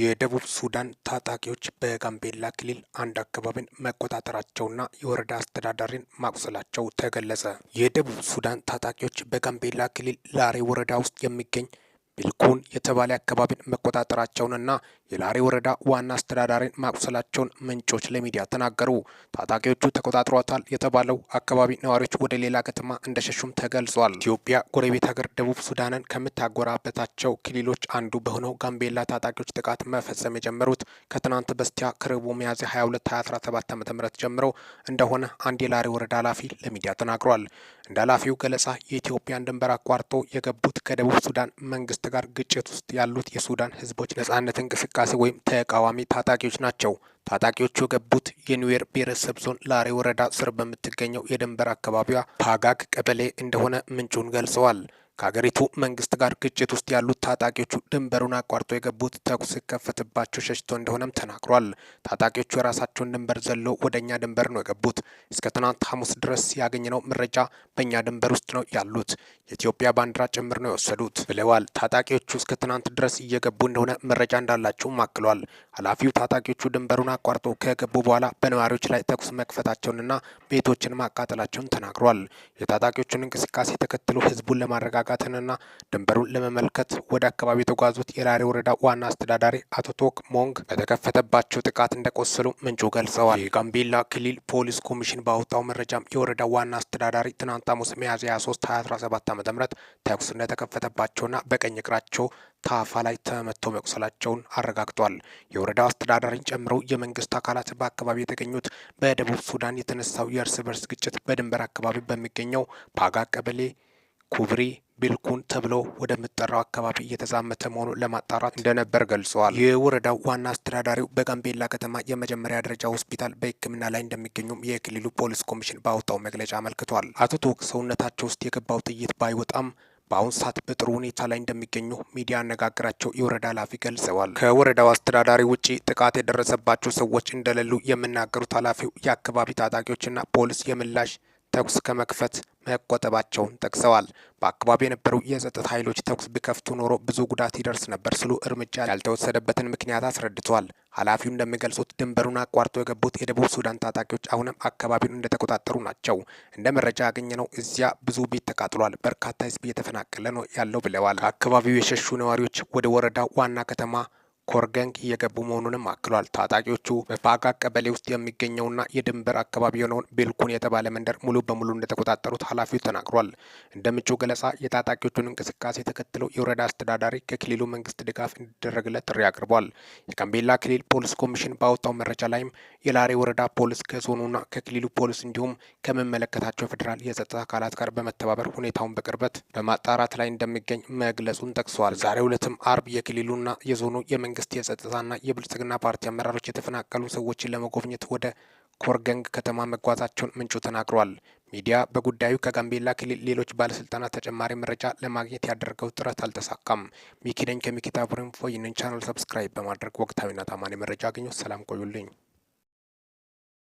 የደቡብ ሱዳን ታጣቂዎች በጋምቤላ ክልል አንድ አካባቢን መቆጣጠራቸውና የወረዳ አስተዳዳሪን ማቁሰላቸው ተገለጸ። የደቡብ ሱዳን ታጣቂዎች በጋምቤላ ክልል ላሬ ወረዳ ውስጥ የሚገኝ ቢልኩን የተባለ አካባቢን መቆጣጠራቸውንና የላሬ ወረዳ ዋና አስተዳዳሪን ማቁሰላቸውን ምንጮች ለሚዲያ ተናገሩ። ታጣቂዎቹ ተቆጣጥሯታል የተባለው አካባቢ ነዋሪዎች ወደ ሌላ ከተማ እንደሸሹም ተገልጿል። ኢትዮጵያ ጎረቤት ሀገር ደቡብ ሱዳንን ከምታጎራበታቸው ክልሎች አንዱ በሆነው ጋምቤላ ታጣቂዎች ጥቃት መፈጸም የጀመሩት ከትናንት በስቲያ ክርቡ ሚያዝያ 22 2017 ዓ.ም ጀምሮ እንደሆነ አንድ የላሬ ወረዳ ኃላፊ ለሚዲያ ተናግሯል። እንደ ኃላፊው ገለጻ የኢትዮጵያን ድንበር አቋርጦ የገቡት ከደቡብ ሱዳን መንግስት መንግስት ጋር ግጭት ውስጥ ያሉት የሱዳን ህዝቦች ነጻነት እንቅስቃሴ ወይም ተቃዋሚ ታጣቂዎች ናቸው። ታጣቂዎቹ የገቡት የኒዌር ብሔረሰብ ዞን ላሬ ወረዳ ስር በምትገኘው የድንበር አካባቢዋ ፓጋግ ቀበሌ እንደሆነ ምንጩን ገልጸዋል። ከሀገሪቱ መንግስት ጋር ግጭት ውስጥ ያሉት ታጣቂዎቹ ድንበሩን አቋርጦ የገቡት ተኩስ ሲከፈትባቸው ሸሽቶ እንደሆነም ተናግሯል። ታጣቂዎቹ የራሳቸውን ድንበር ዘለው ወደ እኛ ድንበር ነው የገቡት። እስከ ትናንት ሐሙስ ድረስ ያገኘነው መረጃ በእኛ ድንበር ውስጥ ነው ያሉት፣ የኢትዮጵያ ባንዲራ ጭምር ነው የወሰዱት ብለዋል። ታጣቂዎቹ እስከ ትናንት ድረስ እየገቡ እንደሆነ መረጃ እንዳላቸውም አክሏል። ኃላፊው ታጣቂዎቹ ድንበሩን አቋርጦ ከገቡ በኋላ በነዋሪዎች ላይ ተኩስ መክፈታቸውንና ቤቶችን ማቃጠላቸውን ተናግሯል። የታጣቂዎቹን እንቅስቃሴ ተከትሎ ህዝቡን ለማረጋ። መረጋጋትንና ድንበሩን ለመመልከት ወደ አካባቢ የተጓዙት የራሬ ወረዳ ዋና አስተዳዳሪ አቶ ቶክ ሞንግ በተከፈተባቸው ጥቃት እንደቆሰሉ ምንጩ ገልጸዋል። የጋምቤላ ክልል ፖሊስ ኮሚሽን ባወጣው መረጃም የወረዳ ዋና አስተዳዳሪ ትናንት ሐሙስ ሚያዝያ 23 2017 ዓ ም ተኩስ እንደተከፈተባቸውና በቀኝ እግራቸው ታፋ ላይ ተመቶ መቁሰላቸውን አረጋግጧል። የወረዳው አስተዳዳሪን ጨምሮ የመንግስት አካላት በአካባቢ የተገኙት በደቡብ ሱዳን የተነሳው የእርስ በርስ ግጭት በድንበር አካባቢ በሚገኘው ፓጋ ቀበሌ ኩብሪ ቤልኩን ተብሎ ወደምጠራው አካባቢ እየተዛመተ መሆኑን ለማጣራት እንደነበር ገልጸዋል። የወረዳው ዋና አስተዳዳሪው በጋምቤላ ከተማ የመጀመሪያ ደረጃ ሆስፒታል በሕክምና ላይ እንደሚገኙም የክልሉ ፖሊስ ኮሚሽን ባወጣው መግለጫ አመልክቷል። አቶ ቶክ ሰውነታቸው ውስጥ የገባው ጥይት ባይወጣም በአሁን ሰዓት በጥሩ ሁኔታ ላይ እንደሚገኙ ሚዲያ አነጋገራቸው የወረዳ ኃላፊ ገልጸዋል። ከወረዳው አስተዳዳሪ ውጪ ጥቃት የደረሰባቸው ሰዎች እንደሌሉ የሚናገሩት ኃላፊው የአካባቢ ታጣቂዎችና ፖሊስ የምላሽ ተኩስ ከመክፈት መቆጠባቸውን ጠቅሰዋል። በአካባቢው የነበሩ የጸጥታ ኃይሎች ተኩስ ቢከፍቱ ኖሮ ብዙ ጉዳት ይደርስ ነበር ሲሉ እርምጃ ያልተወሰደበትን ምክንያት አስረድተዋል። ኃላፊው እንደሚገልጹት ድንበሩን አቋርጦ የገቡት የደቡብ ሱዳን ታጣቂዎች አሁንም አካባቢውን እንደተቆጣጠሩ ናቸው። እንደ መረጃ ያገኘ ነው እዚያ ብዙ ቤት ተቃጥሏል፣ በርካታ ህዝብ እየተፈናቀለ ነው ያለው ብለዋል። ከአካባቢው የሸሹ ነዋሪዎች ወደ ወረዳው ዋና ከተማ ኮርገንግ እየገቡ መሆኑንም አክሏል። ታጣቂዎቹ በፋጋ ቀበሌ ውስጥ የሚገኘውና የድንበር አካባቢ የሆነውን ቤልኩን የተባለ መንደር ሙሉ በሙሉ እንደተቆጣጠሩት ኃላፊው ተናግሯል። እንደ ምንጩ ገለጻ የታጣቂዎቹን እንቅስቃሴ ተከትለው የወረዳ አስተዳዳሪ ከክልሉ መንግስት ድጋፍ እንዲደረግለት ጥሪ አቅርቧል። የጋምቤላ ክልል ፖሊስ ኮሚሽን ባወጣው መረጃ ላይም የላሬ ወረዳ ፖሊስ ከዞኑና ከክልሉ ፖሊስ እንዲሁም ከመመለከታቸው ፌዴራል የጸጥታ አካላት ጋር በመተባበር ሁኔታውን በቅርበት በማጣራት ላይ እንደሚገኝ መግለጹን ጠቅሰዋል። ዛሬ ሁለትም አርብ የክልሉና የዞኑ የመንግስት መንግስት የጸጥታና የብልጽግና ፓርቲ አመራሮች የተፈናቀሉ ሰዎችን ለመጎብኘት ወደ ኮርገንግ ከተማ መጓዛቸውን ምንጩ ተናግሯል። ሚዲያ በጉዳዩ ከጋምቤላ ክልል ሌሎች ባለስልጣናት ተጨማሪ መረጃ ለማግኘት ያደረገው ጥረት አልተሳካም። ሚኪነኝ ከሚኪታ ቡሬንፎ ይህንን ቻናል ሰብስክራይብ በማድረግ ወቅታዊና ታማኒ መረጃ አግኙ። ሰላም ቆዩልኝ።